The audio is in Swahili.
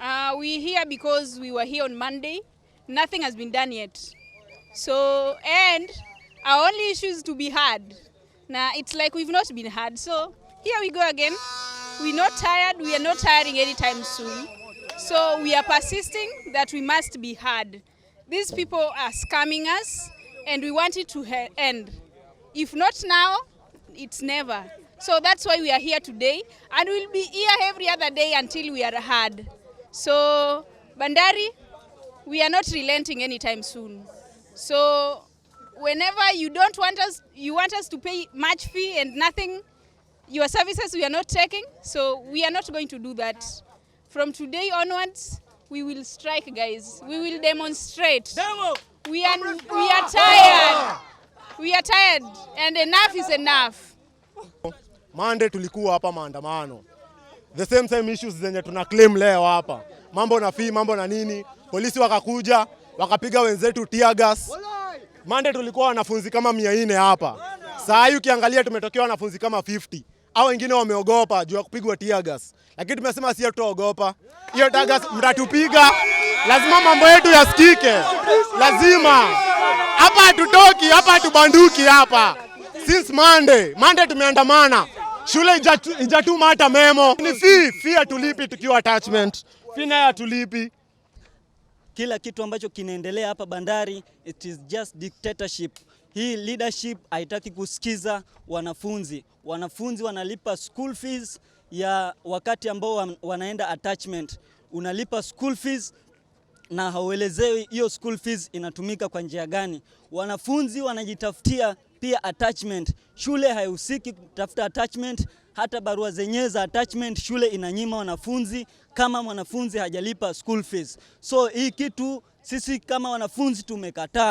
Uh, we here because we were here on Monday. Nothing has been done yet. So, and our only issue is to be heard. Now, it's like we've not been heard. So, here we go again. We're not tired. We are not tiring anytime soon. So, we are persisting that we must be heard. These people are scamming us and we want it to end. If not now, it's never. So that's why we are here today and we'll be here every other day until we are heard. So Bandari, we are not relenting anytime soon. So whenever you don't want us, you want us to pay much fee and nothing, your services we are not taking. So we are not going to do that. From today onwards, we will strike, guys. We will demonstrate. Demo. We are we are tired. We are tired and enough is enough. Monday tulikuwa hapa maandamano, the same same issues zenye tuna claim leo hapa, mambo na fee, mambo na nini. Polisi wakakuja wakapiga wenzetu tear gas. Monday tulikuwa wanafunzi kama 400 hapa, saa hii ukiangalia tumetokea wanafunzi kama 50 au wengine wameogopa juu ya kupigwa tear gas, lakini tumesema si tutaogopa hiyo tear gas, mtatupiga lazima mambo yetu yasikike, lazima hapa hatutoki hapa, hatubanduki hapa since Monday. Monday tumeandamana, shule ijatuma hata memo. Ni fi fee hatulipi, tukiwa attachment fee naye hatulipi. Kila kitu ambacho kinaendelea hapa bandari, it is just dictatorship. Hii leadership haitaki kusikiza wanafunzi. Wanafunzi wanalipa school fees ya wakati ambao wanaenda attachment, unalipa school fees na hauelezewi hiyo school fees inatumika kwa njia gani. Wanafunzi wanajitafutia pia attachment, shule haihusiki kutafuta attachment. Hata barua zenyewe za attachment shule inanyima wanafunzi kama mwanafunzi hajalipa school fees. So hii kitu sisi kama wanafunzi tumekataa.